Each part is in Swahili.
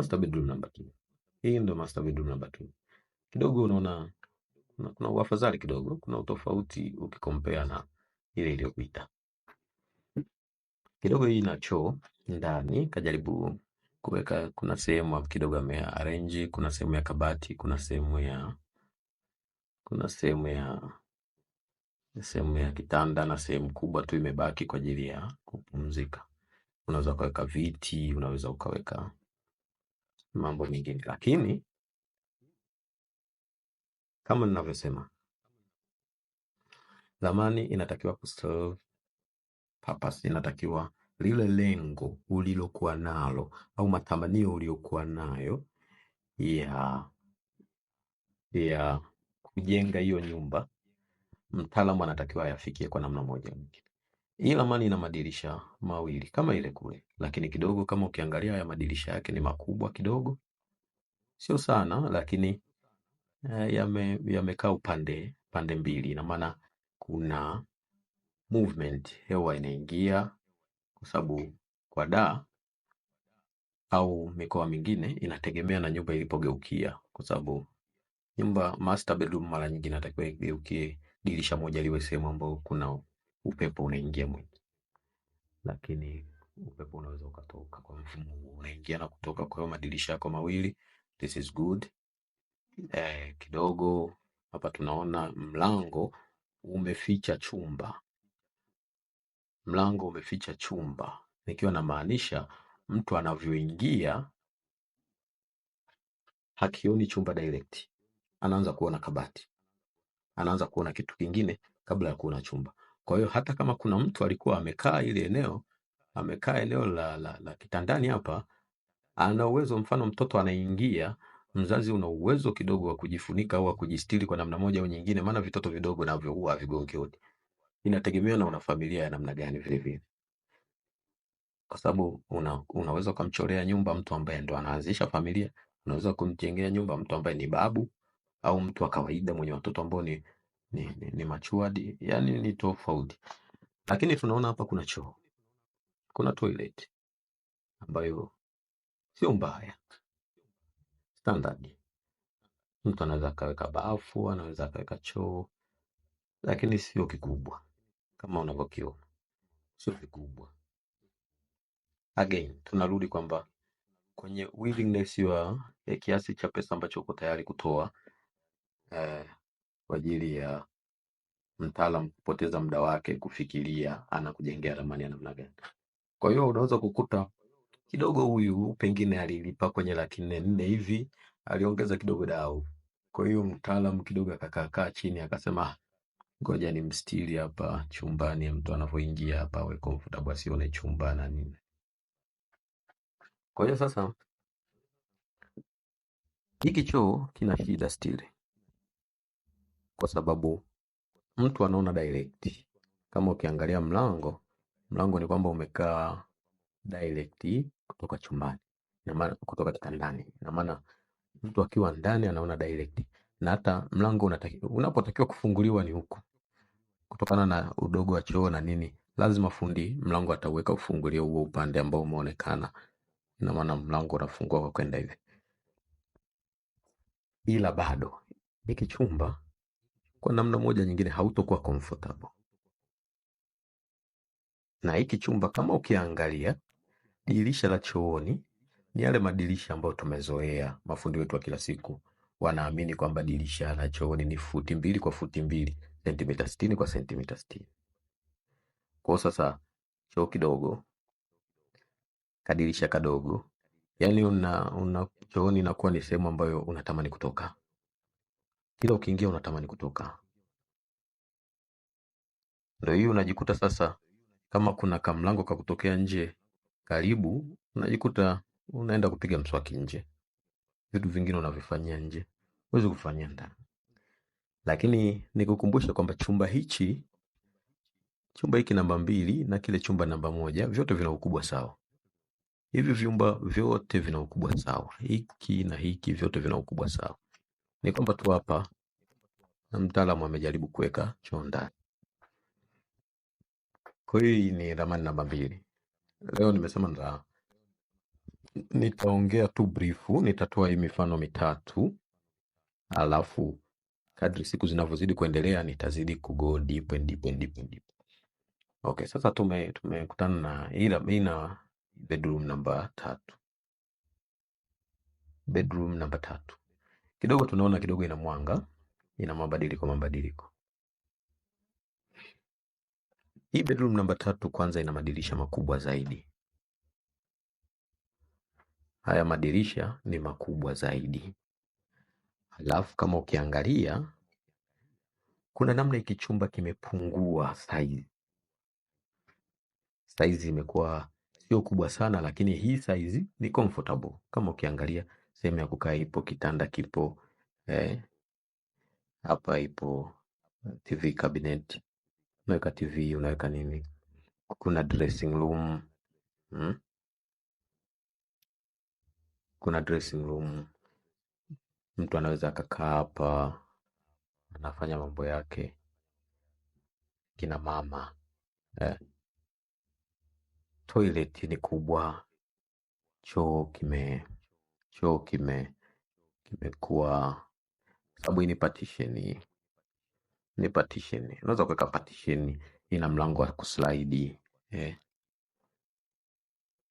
master bedroom number 2. Hii ndio master bedroom number 2. Kidogo unaona kuna uafadhali kidogo, kuna utofauti ukikompea na ile iliyopita kidogo. Hii ina choo ndani, kajaribu kuweka, kuna sehemu kidogo ame arrange, kuna sehemu ya kabati, kuna sehemu ya kuna sehemu ya sehemu ya kitanda na sehemu kubwa tu imebaki kwa ajili ya kupumzika. Unaweza ukaweka viti, unaweza ukaweka mambo mengine, lakini kama ninavyosema, dhamani inatakiwa kuserve purpose, inatakiwa lile lengo ulilokuwa nalo au matamanio uliokuwa nayo ya ya kujenga hiyo nyumba, mtaalamu anatakiwa ayafikie kwa namna moja nyingine. Hii ramani ina madirisha mawili kama ile kule, lakini kidogo, kama ukiangalia haya madirisha yake ni makubwa kidogo, sio sana, lakini eh, yame yamekaa upande pande mbili. Ina maana kuna movement, hewa inaingia, kwa sababu kwa da au mikoa mingine inategemea na nyumba ilipogeukia, kwa sababu nyumba master bedroom mara nyingi inatakiwa igeukie dirisha moja liwe sehemu ambayo kuna upepo unaingia mwingi, lakini upepo unaweza ukatoka kwa mfumo huo unaingia na kutoka. Kwa hiyo madirisha yako mawili, this is good. Eh, kidogo hapa tunaona mlango umeficha chumba, mlango umeficha chumba, nikiwa namaanisha mtu anavyoingia hakioni chumba direct, anaanza kuona kabati, anaanza kuona kitu kingine kabla ya kuona chumba. Kwa hiyo hata kama kuna mtu alikuwa amekaa ile eneo amekaa eneo la, la, la kitandani hapa, ana uwezo, mfano mtoto anaingia, mzazi una uwezo kidogo wa kujifunika au wa kujistiri kwa namna moja au nyingine, maana vitoto vidogo navyo huwa havigongi hodi. Inategemea na una familia ya namna gani vile vile, kwa sababu una, unaweza kumchorea nyumba mtu ambaye ndo anaanzisha familia, unaweza kumjengea nyumba mtu ambaye ni babu au mtu wa kawaida mwenye watoto ambao ni ni, ni, ni matured, yani ni tofauti. Lakini tunaona hapa kuna choo, kuna toilet ambayo sio mbaya, standard. Mtu anaweza akaweka bafu, anaweza akaweka choo, lakini sio kikubwa kama unavyokiona, sio kikubwa. Again, tunarudi kwamba kwenye willingness ya, kiasi cha pesa ambacho uko tayari kutoa eh, kwa ajili ya mtaalam kupoteza muda wake kufikiria anakujengea ramani ya namna gani. Kwa hiyo unaweza kukuta kidogo huyu pengine alilipa kwenye laki nne nne hivi, aliongeza kidogo dau. Kwa hiyo mtaalam kidogo akakaakaa chini akasema, ah, ngoja ni mstiri hapa chumbani, mtu anavyoingia hapa awe comfortable, asione chumba na nini. Kwa hiyo sasa hiki choo kina shida stili kwa sababu mtu anaona direct. Kama ukiangalia mlango, mlango ni kwamba umekaa direct kutoka chumbani na maana kutoka kitandani, na maana mtu akiwa ndani anaona direct, na hata mlango unapotakiwa kufunguliwa ni huko, kutokana na udogo wa choo na nini, lazima fundi mlango ataweka ufungulio huo upande ambao umeonekana, na maana mlango unafungua kwa kwenda hivi, ila bado hiki chumba kwa namna moja nyingine hautokuwa comfortable. Na hiki chumba kama ukiangalia dirisha la chooni ni yale madirisha ambayo tumezoea, mafundi wetu wa kila siku wanaamini kwamba dirisha la chooni ni futi mbili kwa futi mbili, sentimita sitini kwa sentimita sitini. Kwa sasa choo kidogo, kadirisha kadogo, yani una, una chooni inakuwa ni sehemu ambayo unatamani kutoka kila ukiingia unatamani kutoka. Ndio hiyo unajikuta sasa, kama kuna kamlango ka kutokea nje karibu, unajikuta unaenda kupiga mswaki nje, vitu vingine unavifanyia nje, huwezi kufanyia ndani. Lakini nikukumbusha kwamba chumba hichi chumba hiki namba mbili na kile chumba namba moja vyote vina ukubwa sawa. Hivi vyumba vyote vina ukubwa sawa, hiki na hiki vyote vina ukubwa sawa ni kwamba tu hapa na mtaalamu amejaribu kuweka choo ndani. Kwa hiyo hii ni ramani namba mbili. Leo nimesema nda nitaongea tu brifu, nitatoa hii mifano mitatu, alafu kadri siku zinavyozidi kuendelea nitazidi kugo deep and deep and deep and deep. Okay, sasa tume tumekutana na ila mimi na bedroom namba tatu, bedroom namba tatu kidogo tunaona kidogo ina mwanga, ina mabadiliko mabadiliko. Hii bedroom namba tatu kwanza ina madirisha makubwa zaidi. Haya madirisha ni makubwa zaidi, alafu kama ukiangalia kuna namna hiki chumba kimepungua size. Size imekuwa sio kubwa sana, lakini hii size ni comfortable kama ukiangalia Sehemu ya kukaa ipo, kitanda kipo, eh, hapa ipo TV cabinet, unaweka TV, unaweka nini, kuna dressing room hmm? Kuna dressing room, mtu anaweza akakaa hapa anafanya mambo yake, kina mama eh. Toilet ni kubwa, choo kime Choo kime kimekuwa sababu ni partition, ni partition. Unaweza kuweka partition ina mlango wa kuslaidi eh.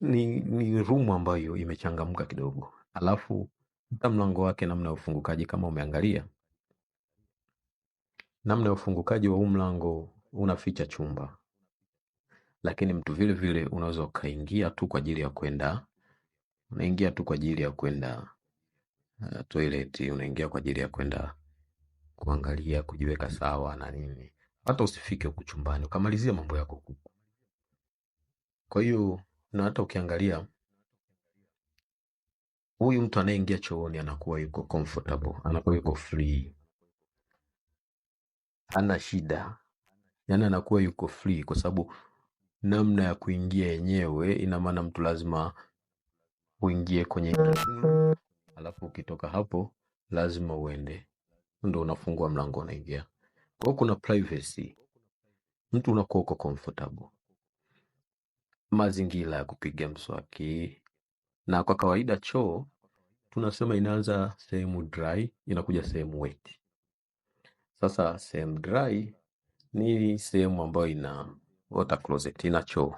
Ni, ni room ambayo imechangamka kidogo, alafu hata mlango wake namna ya ufungukaji kama umeangalia namna ya ufungukaji wa huu mlango unaficha chumba, lakini mtu vile vile unaweza ukaingia tu kwa ajili ya kwenda unaingia tu kwa ajili ya kwenda uh, toilet, unaingia kwa ajili ya kwenda kuangalia, kujiweka sawa na nini, hata usifike huko chumbani ukamalizia mambo yako huko. Kwa hiyo na hata ukiangalia huyu mtu anayeingia chooni anakuwa yuko comfortable, anakuwa yuko free, hana shida, yani anakuwa yuko free kwa sababu namna ya kuingia yenyewe, ina maana mtu lazima uingie kwenye mm. alafu ukitoka hapo lazima uende, ndo unafungua mlango unaingia. Kwa hiyo kuna privacy, mtu unakuwa uko comfortable, mazingira ya kupiga mswaki, na kwa kawaida choo tunasema inaanza sehemu dry inakuja sehemu wet. Sasa sehemu dry ni sehemu ambayo ina water closet, ina choo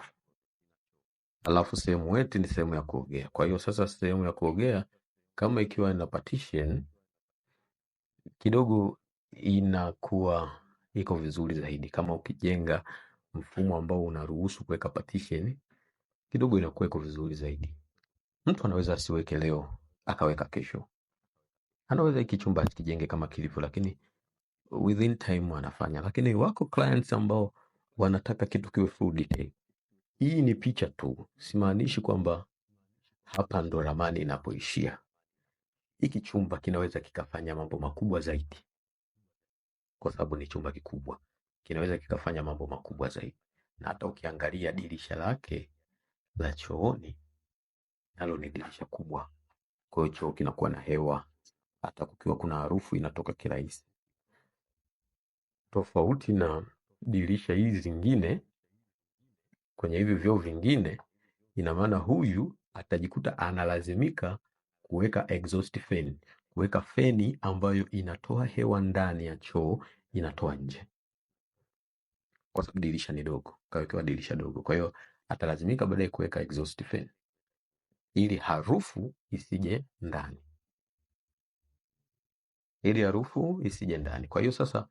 alafu sehemu weti ni sehemu ya kuogea. Kwa hiyo sasa, sehemu ya kuogea kama ikiwa ina partition kidogo, inakuwa iko vizuri zaidi. Kama ukijenga mfumo ambao unaruhusu kuweka partition, kidogo inakuwa iko vizuri zaidi. Mtu anaweza asiweke leo akaweka kesho, anaweza hiki chumba kijenge kama kilivyo, lakini within time anafanya. Lakini wako clients ambao wanataka kitu kiwe full detail. Hii ni picha tu, simaanishi kwamba hapa ndo ramani inapoishia. Hiki chumba kinaweza kikafanya mambo makubwa zaidi, kwa sababu ni chumba kikubwa, kinaweza kikafanya mambo makubwa zaidi. Na hata ukiangalia dirisha lake la chooni, nalo ni dirisha kubwa, kwa hiyo choo kinakuwa na hewa, hata kukiwa kuna harufu inatoka kirahisi, tofauti na dirisha hizi zingine kwenye hivi vyoo vingine, ina maana huyu atajikuta analazimika kuweka exhaust fan, kuweka feni ambayo inatoa hewa ndani ya choo inatoa nje, kwa sababu dirisha ni dogo, kawekewa dirisha dogo. Kwa hiyo atalazimika baadaye kuweka exhaust fan ili harufu isije ndani, ili harufu isije ndani. Kwa hiyo sasa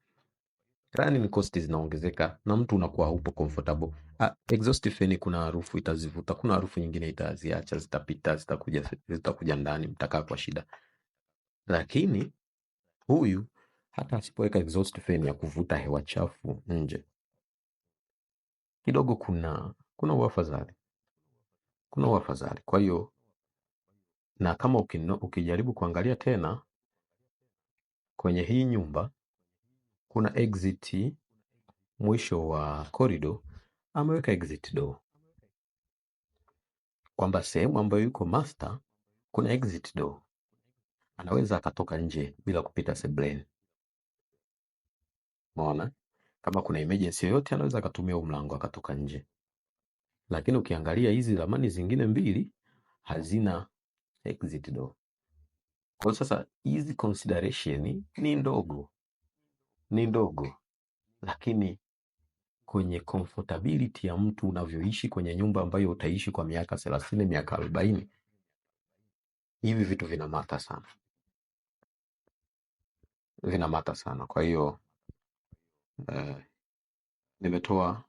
Rani ni costi zinaongezeka na mtu unakuwa upo comfortable. Ah, exhaust fan kuna harufu itazivuta, kuna harufu nyingine itaziacha, zitapita, zitakuja zitakuja ndani, mtakaa kwa shida. Lakini huyu hata asipoweka exhaust fan ya kuvuta hewa chafu nje, kidogo kuna kuna uafadhali, kuna uafadhali. Kwa hiyo na kama ukino, ukijaribu kuangalia tena kwenye hii nyumba kuna exit mwisho wa corridor ameweka exit door, kwamba sehemu ambayo yuko master kuna exit door, anaweza akatoka nje bila kupita sebleni. Umeona, kama kuna emergency yoyote anaweza akatumia huu mlango akatoka nje. Lakini ukiangalia hizi ramani zingine mbili hazina exit door. Kwa sasa hizi consideration ni ndogo ni ndogo, lakini kwenye comfortability ya mtu unavyoishi kwenye nyumba ambayo utaishi kwa miaka thelathini, miaka arobaini, hivi vitu vinamata sana, vinamata sana. Kwa hiyo uh, nimetoa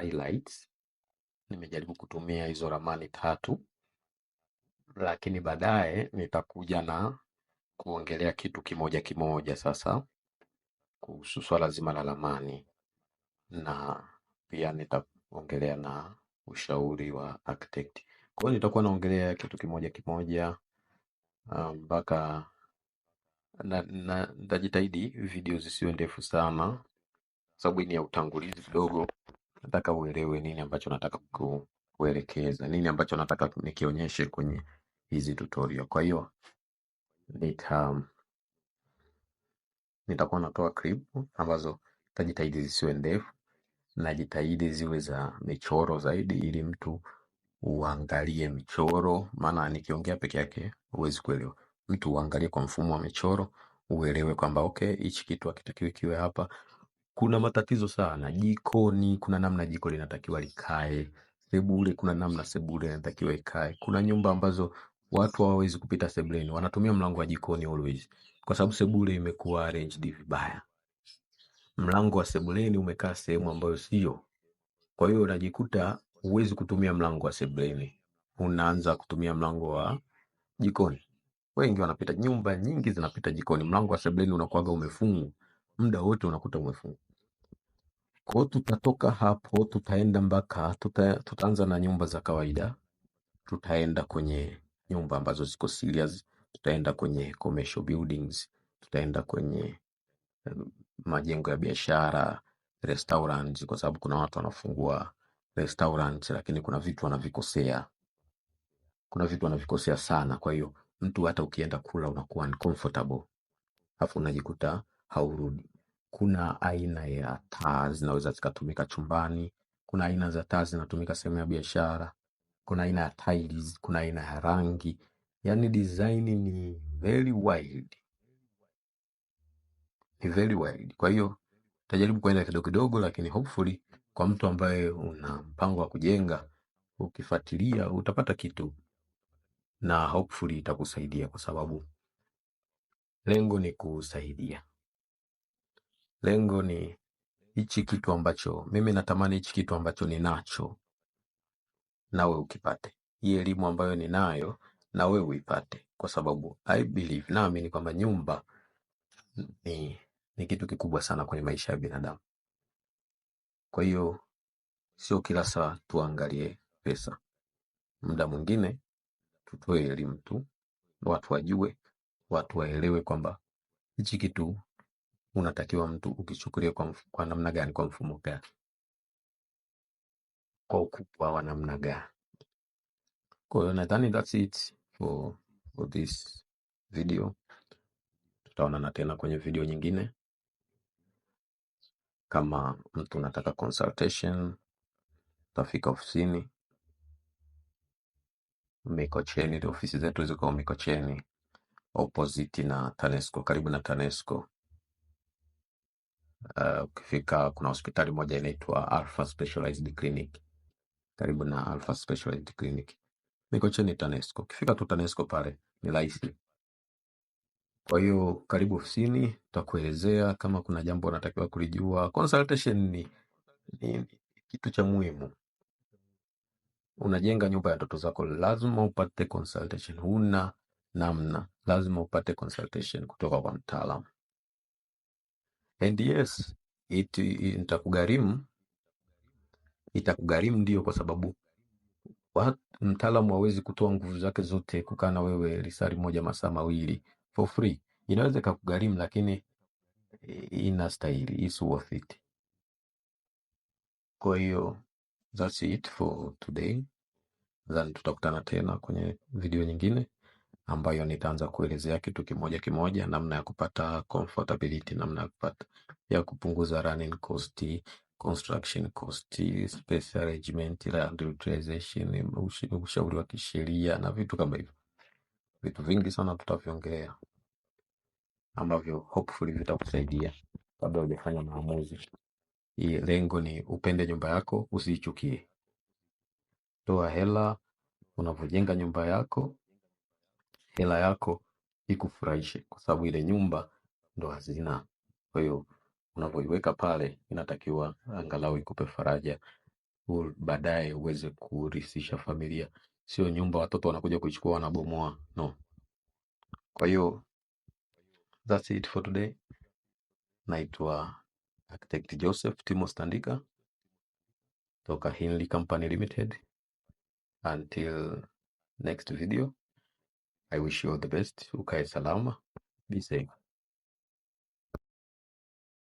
highlights, nimejaribu kutumia hizo ramani tatu, lakini baadaye nitakuja na kuongelea kitu kimoja kimoja sasa kuhusu swala zima la ramani na pia nitaongelea na ushauri wa architect. Kwa hiyo nitakuwa naongelea kitu kimoja kimoja ah, mpaka na na video zisiwe ndefu sana, sababu hii ni ya utangulizi kidogo. Nataka uelewe nini ambacho nataka kuelekeza, nini ambacho nataka nikionyeshe kwenye hizi tutorial. Kwa hiyo nita nitakuwa natoa clip ambazo tajitahidi zisiwe ndefu, najitahidi ziwe za michoro zaidi, ili mtu uangalie michoro, maana nikiongea peke yake huwezi kuelewa. Mtu uangalie kwa mfumo wa michoro uelewe kwamba okay, hichi kitu hakitakiwi kiwe hapa. Kuna matatizo sana jikoni, kuna namna jiko linatakiwa likae, sebule kuna namna sebule inatakiwa ikae. Kuna nyumba ambazo watu hawawezi kupita sebuleni, wanatumia mlango wa jikoni always kwa sababu sebule imekuwa arranged vibaya, mlango wa sebuleni umekaa sehemu ambayo sio. Kwa hiyo unajikuta huwezi kutumia mlango wa sebuleni, unaanza kutumia mlango wa jikoni. Wengi wanapita, nyumba nyingi zinapita jikoni, mlango wa sebuleni unakuwaga umefungwa muda wote, unakuta umefungwa. Kwa tutatoka hapo, tutaenda mpaka tuta, tutaanza na nyumba za kawaida, tutaenda kwenye nyumba ambazo ziko serious tutaenda kwenye commercial buildings, tutaenda kwenye eh, majengo ya biashara, restaurants, kwa sababu kuna watu wanafungua restaurants, lakini kuna vitu wanavikosea, kuna vitu wanavikosea sana. Kwa hiyo mtu hata ukienda kula unakuwa uncomfortable, afu unajikuta haurudi. Kuna aina ya taa zinaweza zikatumika chumbani, kuna aina za taa zinatumika sehemu ya biashara, kuna aina ya tiles, kuna aina ya rangi, yani design ni very wild, ni very wild. Kwa hiyo tajaribu kuenda kidogo kidogo, lakini hopefully kwa mtu ambaye una mpango wa kujenga, ukifuatilia utapata kitu na hopefully itakusaidia, kwa sababu lengo ni kusaidia. Lengo ni hichi kitu ambacho mimi natamani, hichi kitu ambacho ninacho nawe ukipate, hii elimu ambayo ninayo na wewe uipate, kwa sababu I believe, naamini kwamba nyumba ni, ni kitu kikubwa sana kwenye maisha ya binadamu. Kwa hiyo sio kila saa tuangalie pesa, muda mwingine tutoe elimu tu, watu wajue, watu waelewe kwamba hichi kitu unatakiwa mtu ukichukulia kwa, kwa namna gani, kwa mfumo gani, kwa ukubwa wa namna gani. Kwa hiyo nadhani that's it for for this video. Tutaonana tena kwenye video nyingine. Kama mtu unataka consultation, utafika ofisini Mikocheni. Ofisi zetu ziko Mikocheni, opposite na TANESCO, karibu na TANESCO. Uh, ukifika kuna hospitali moja inaitwa Alpha Specialized Clinic, karibu na Alpha Specialized Clinic niko chini TANESCO. Ukifika tu TANESCO pale ni rahisi. Kwa hiyo karibu ofisini, tutakuelezea kama kuna jambo unatakiwa kulijua. Consultation ni, ni, ni kitu cha muhimu. Unajenga nyumba ya ndoto zako, lazima upate consultation. Huna namna, lazima upate consultation kutoka kwa mtaalamu. And yes, it- itakugharimu, itakugharimu ndio, kwa sababu mtaalamu hawezi kutoa nguvu zake zote kukaa na wewe risari moja masaa mawili for free. Inaweza ikakugharimu, lakini eh, inastahili, is worth it. Kwa hiyo that's it for today, then tutakutana tena kwenye video nyingine ambayo nitaanza kuelezea kitu kimoja kimoja, namna ya kupata comfortability, namna ya kupata ya kupunguza running cost construction cost, space arrangement, land utilization, ushauri wa kisheria na vitu kama hivyo. Vitu vingi sana tutaviongelea ambavyo hopefully vitakusaidia kabla hujafanya maamuzi. Hii lengo ni upende nyumba yako, usiichukie. Toa hela unavyojenga nyumba yako, hela yako ikufurahishe, kwa sababu ile nyumba ndo hazina. Kwa hiyo unavyoiweka pale inatakiwa angalau ikupe faraja baadaye uweze kurisisha familia, sio nyumba watoto wanakuja kuichukua wanabomoa, no. Kwa hiyo that's it for today. Naitwa Architect Joseph Timo Standika toka Hinley Company Limited. Until next video, I wish you all the best. Ukae salama, be safe.